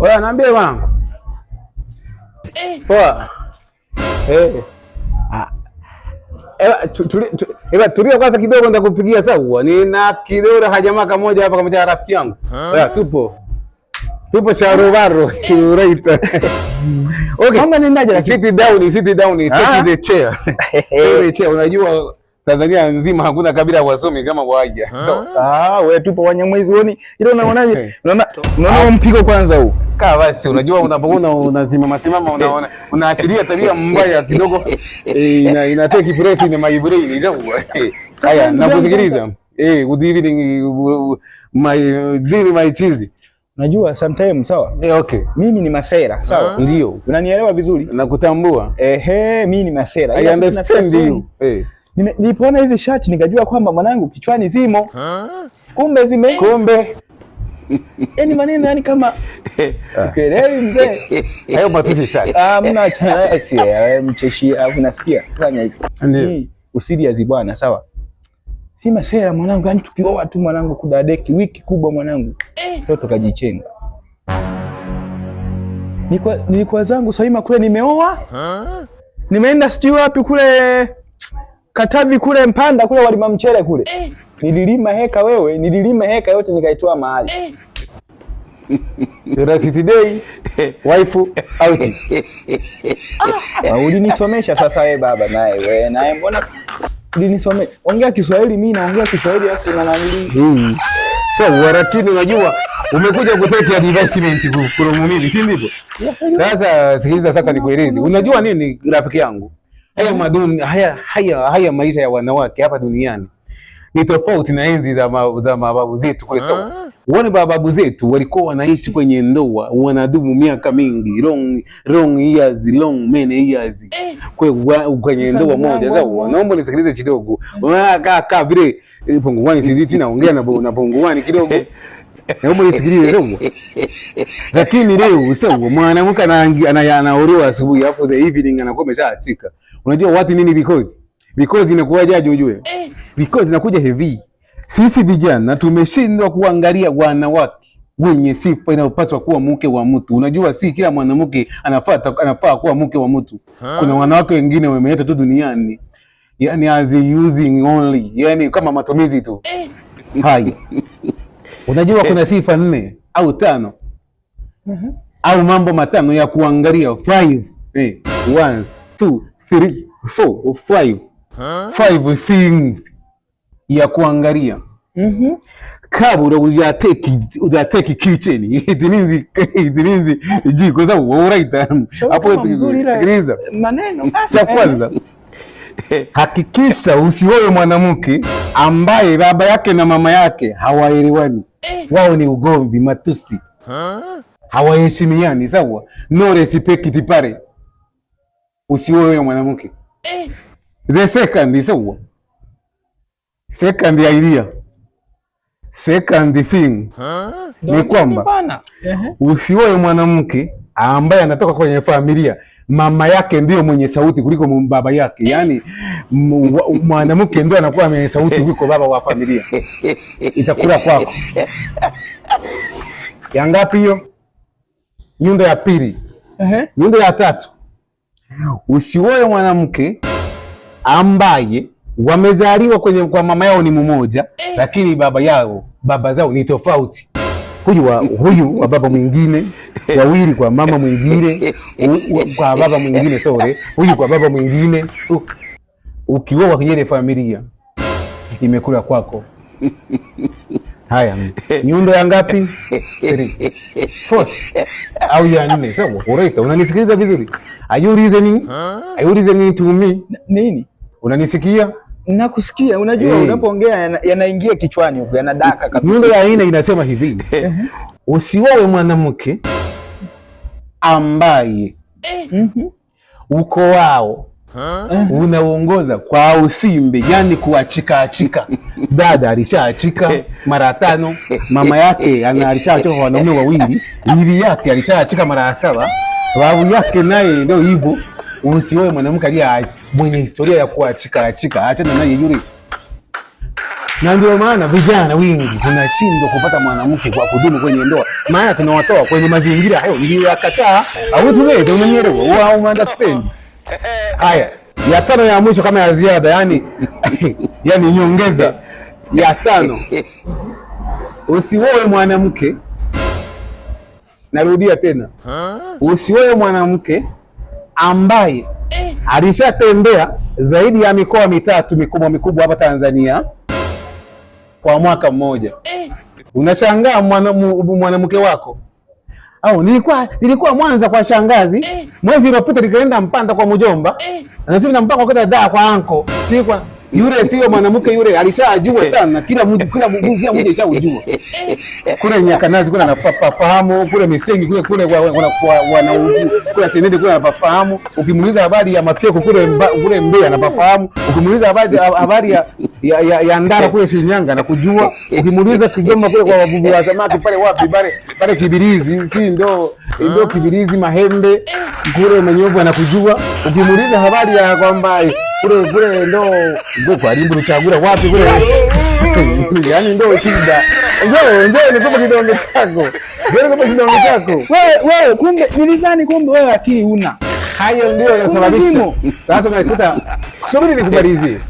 Oya, niambie mwanangu. Eh. Poa. Eh. Ah. Ewa, tulia tu, tu, kwanza kidogo nitakupigia sawa. Nina kidole hajamaa kamoja hapa kamoja rafiki yangu. Oya, tupo. Tupo charobaro uraita. Okay. Mama ni naje? Sit down, sit down, take the chair. Take the chair. Unajua Tanzania nzima hakuna kabila wasomi kama waja. So, ah, wewe tupo Wanyamwezi woni. Ile unaonaje? Unaona unaona mpigo kwanza huu. Kaa basi, unajua unapokuwa unazima masimama unaona unaashiria tabia mbaya kidogo, eh, ina ina take place in my brain. Eh, haya, nakusikiliza. Eh, good evening my dear my cheese. Najua sometimes sawa. Eh, okay. Mimi ni masera, sawa? Uh ah. -huh. Ndio. Unanielewa vizuri? Nakutambua. Ehe, mimi ni masera. I understand you. Eh. Nilipoona hizi shati nikajua kwamba mwanangu kichwani zimo. Kumbe zime. Kumbe yani eh, maneno yani kama sikuelewi mzee. Hayo matusi sasa. Ah, mna chana atie eh, mcheshi afu ah, nasikia fanya hivi. Ndio. ya zibwana sawa? Si masera mwanangu, yani tukioa tu mwanangu kudadeki wiki kubwa mwanangu. Leo eh. kajichenga. Nilikuwa nilikuwa zangu sasa hivi kule nimeoa. Nimeenda sijui wapi kule Katavi kule Mpanda kule walima mchele kule eh. Nililima heka wewe, nililima heka yote nikaitoa mahali eh. Rasiti dei waifu out ah. Ulinisomesha sasa we baba, naye we naye, mbona ulinisomesha? Ongea Kiswahili, mimi naongea Kiswahili afu na nani hmm. so, warakini unajua umekuja kutake advertisement from mimi, si ndivyo? Sasa sikiliza, sasa nikueleze, unajua nini rafiki yangu haya maduni haya, haya, haya maisha ya wanawake hapa duniani ni tofauti na enzi za ma, za mababu zetu kule. Sawa, ah. wale mababu zetu walikuwa wanaishi kwenye ndoa wanadumu miaka mingi, long long years, long many years, kwe, wa, kwenye ndoa moja. Sawa, naomba nisikilize kidogo. Unakaa kaa vile eh, pungwani, sijui ongea na na pungwani kidogo, naomba nisikilize sawa. Lakini leo sawa, mwanamke anaolewa asubuhi, hapo the evening anakuwa ameshaatika Unajua wapi nini because? Because inakuwaje aje ujue? Because eh. inakuja hivi. Sisi vijana tumeshindwa kuangalia wanawake wenye sifa inayopaswa kuwa mke wa mtu. Unajua si kila mwanamke anafaa anafaa kuwa mke wa mtu. Kuna wanawake wengine wameleta tu duniani. Yaani as using only. Yaani kama matumizi tu. Eh. Hai. Unajua kuna eh. sifa nne au tano. Mhm. Au mambo matano ya kuangalia five. Eh, one, two, three, four or five, five things ya kuangalia mm -hmm. kabura uzateka kitchen itininzi itininzi jiko za uraita hapo. Sikiliza maneno cha kwanza hakikisha usioe mwanamke ambaye baba yake na mama yake hawaelewani, eh. wao ni ugomvi, matusi, hawaheshimiani, sawa, no respect pale usiwe wewe mwanamke eh. The second sawa, second idea, second thing huh? ni kwamba usiwe mwanamke ambaye anatoka kwenye familia mama yake ndio mwenye sauti kuliko baba yake, yaani mwanamke ndio anakuwa mwenye sauti kuliko baba wa familia. Itakula kwako ya ngapi hiyo? Nyundo ya pili. Nyundo ya tatu usioe mwanamke ambaye wamezaliwa kwenye kwa mama yao ni mmoja eh, lakini baba yao baba zao ni tofauti. Huyu wa, huyu wa baba mwingine, wawili kwa mama mwingine, kwa baba mwingine sore, huyu kwa baba mwingine. Ukioa kwenye ile familia imekula kwako. Haya, nyundo ya ngapi? 4 au ya nne. Sasa unakoreka, unanisikiliza vizuri? Are you listening? Are you listening to me? Nini? Unanisikia? Nakusikia. Unajua hey, eh. unapoongea yanaingia yana kichwani huko, yanadaka kabisa. Nyundo ya nne inasema hivi. Usiowe mwanamke ambaye mm -hmm. uko wao huh? unaongoza kwa usimbe, yani kuachika achika. Dada alishaachika mara tano, mama yake alishaachika kwa wanaume wawili, hivi yake alishaachika mara saba, babu yake naye ndio hivyo. Usiwe mwanamke aliye mwenye historia ya kuachika achika, achana naye yule. Na ndio maana vijana wengi tunashindwa kupata mwanamke kwa kudumu kwenye ndoa, maana tunawatoa kwenye mazingira hayo niliyoyakataa. Au tuwe tunaelewa, au understand Haya, ya tano ya mwisho kama ya ziada, yani yani nyongeza ya tano, usioe mwanamke. Narudia tena, usioe mwanamke ambaye alishatembea zaidi ya mikoa mitatu mikubwa mikubwa hapa Tanzania kwa mwaka mmoja. Eh. Unashangaa mwanamke mwana wako au nilikuwa nilikuwa Mwanza kwa shangazi eh. Mwezi uliopita nikaenda Mpanda kwa mjomba eh. Na sasa nampaka kwa dada kwa anko si kwa yule sio mwanamke yule, alishajua eh. sana kila mtu, kila mtu pia mmoja alishajua kule Nyakanazi, kuna nafahamu kule Misengi kule kule wanaujua kule Senende kule anafahamu. Ukimuuliza habari ya Mateko kule kule Mbeya anafahamu. Ukimuuliza habari habari ya ya, ya, ya Ndara kule Shinyanga na kujua. Ukimuuliza Kigoma kule kwa wavuvi wa samaki pale wapi pale pale Kibirizi, si ndo ndo ah. Kibirizi Mahembe kule Manyovu anakujua. Ukimuuliza habari ya kwamba kule kule ndo ndio karibu nichagura wapi kule, yani ndo shida. Njoo njoo, ni kama kidonge chako, ni kama kidonge chako wewe wewe. Kumbe nilizani, kumbe wewe akili una hayo, ndio yanasababisha sasa unakuta. Subiri nikubalizie.